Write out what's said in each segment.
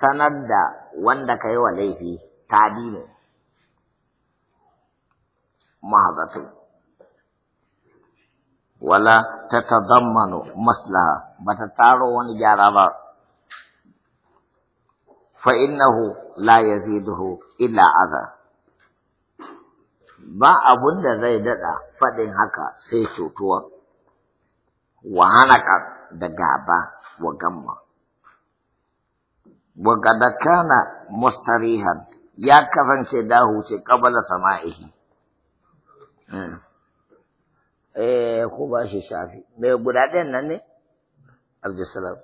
sanar da wanda ka yi wa laifi tadi ne mahazatu wala ta tazammanu maslaha ba ta taro wani gyara ba fa innahu la yaziduhu illa azar. ba abun da zai daɗa faɗin haka sai cutuwa wa hanaka da gaba wa gamma وقد كان مستريحا يا كفن شداه قبل سمائه eh ko ba shi shafi me guda ɗayan nan ne abdulsalam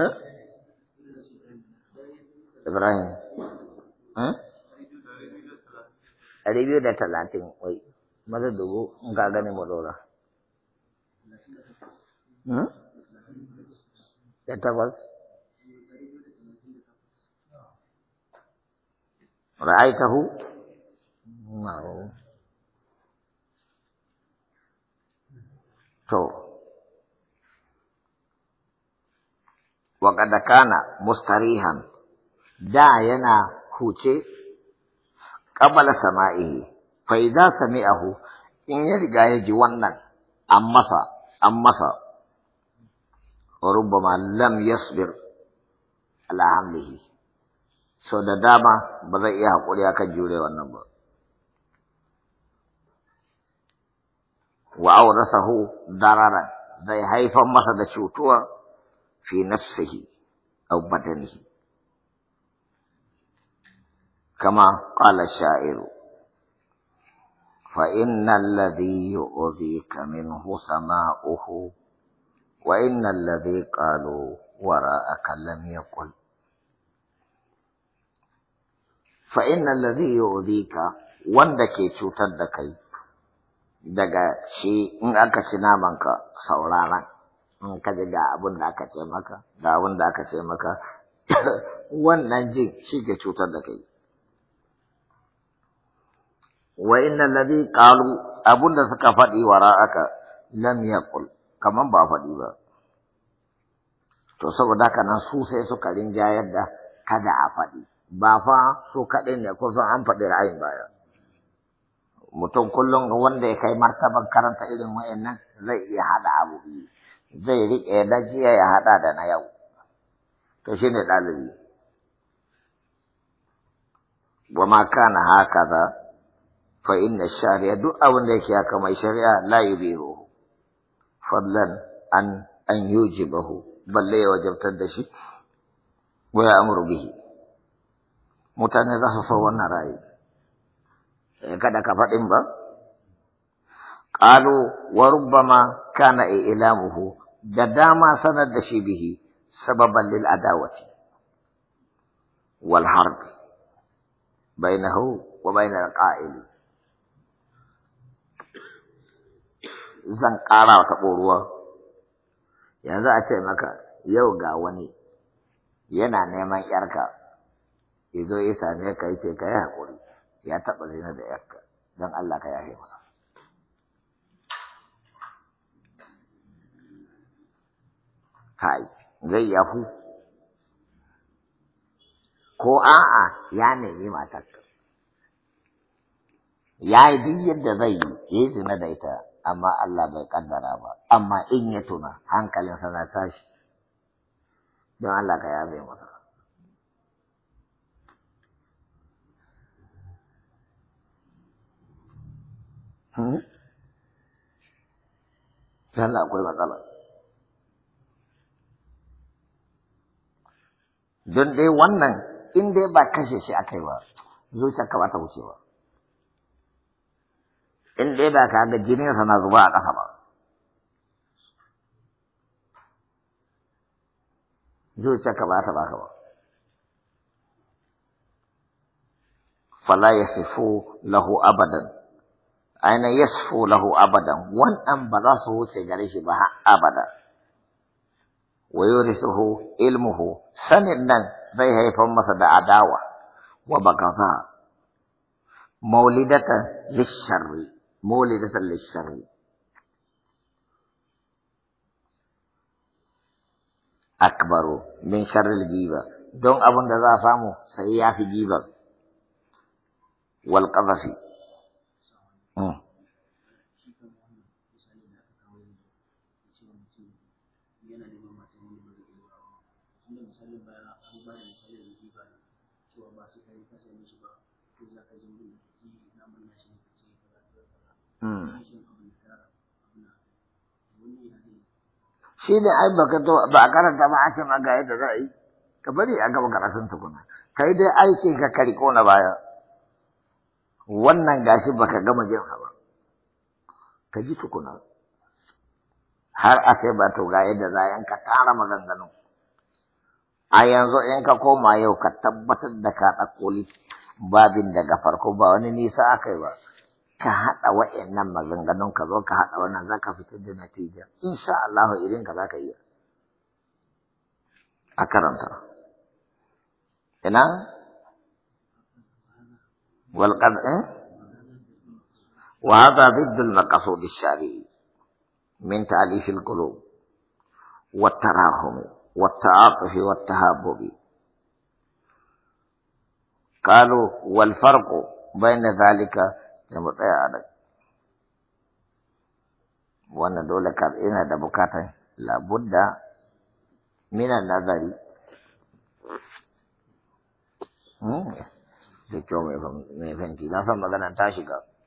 eh ibrahim eh ɗari biyu da talatin wai maza dubu in mu hmm? takwas رأيته معه da وقد كان مستريحا دا ينا huce ƙabala sama'ihi, fai za sami'ahu in ya riga ya ji wannan an masa, an masa, rubama lam yasbir ala so da dama ba zai iya haƙuri akan jure wannan ba wa awrasahu dararan zai haifar masa da cutuwa fi nafsihi aw badanihi kama qala sha'iru fa innal ladhi yu'dhika minhu sama'uhu wa innal ladhi qalu wara'aka lam yaqul fa inna alladhi yu'dika wanda ke cutar da kai daga shi in aka ci naman ka saurara in ka ji ga abin da aka ce maka ga abin da aka ce maka wannan jin shi ke cutar da kai wa inna alladhi qalu abun da suka faɗi ra’aka lam yaqul kaman ba faɗi ba to saboda haka nan su sai suka rinjayar da kada a faɗi ba fa su kaɗai ne kusan an faɗi ra'ayin baya mutum kullum wanda ya kai martaban karanta irin wa'annan zai iya haɗa abu biyu zai riƙe na jiya ya haɗa da na yau to shi ne ɗalibi wa ma kana haka za fa inna shari'a duk abin da yake haka mai shari'a layi biyu, fadlan an an bahu. balle ya wajabtar da shi wa ya amuru bihi mutane za su so wannan rayu kada ka faɗin ba ƙalu wa rubbama kana ilamuhu da dama sanar da shi bihi sababan lil adawati wal harbi bainahu wa bainal qa'ili zan ƙara wata ƙoruwa yanzu a ce maka yau ga wani yana neman 'yarka ya zo ya same ka ya ce ka yi haƙuri ya taɓa zina da yarka don Allah ka yafe masa. Kai, zai yahu? ko a'a ya nemi matarka. Ya yi duk yadda zai yi, ya yi zina da ita, amma Allah bai kaddara ba, amma in ya tuna hankalinsa na tashi, don Allah ka yafe masa. Sallah akwai matsala. Don dai wannan in dai ba kashe shi aka yi ba, zuciya ka ba ta wuce ba. In dai ba ka ga jininsa na zuba a ƙasa ba. Zuciya ka ba ta ba ka ba. Fala ya lahu abadan. أين يصفو له أبدا وان أنبضاثه سيجريش بها أبدا ويورثه علمه سنننن فيها فمس عداوة وبغضاء مولدة للشر مولدة للشر أكبر من شر الجيبة دون أبن دذا سامو سيئا في جيبة والقذفي misalin baya an ba da misalin da ba ne cewa ba su kai kasa musu ba to za ka zama da kake na mun na shi kake kaza hmm. kaza shi abin da ka abuna wani ya zai shi ne ai baka to ba karanta ba asan ga yadda za a yi ka bari a gaba karatun tukuna kai dai aikin ka ka riko na baya wannan gashi baka gama jin ba ka ji tukuna har a kai ba to ga yadda za a yanka tara maganganun a yanzu in ka koma yau ka tabbatar da ka ɗauko babin daga farko ba wani nisa aka yi ba ka haɗa wa'annan maganganun ka zo ka haɗa wannan za ka fitar da natija insha Allah irin ka za ka iya a karanta ina wal qad eh? wa hada ضد shari'i min ta'alifil qulub wa tarahumi والتعاطف والتهابب قالوا والفرق بين ذلك تمطيع عليك وانا دولة كارئينة دبكاته لابد من النظر لكي يوم يفهم يفهم كي ناسا مغانا تاشي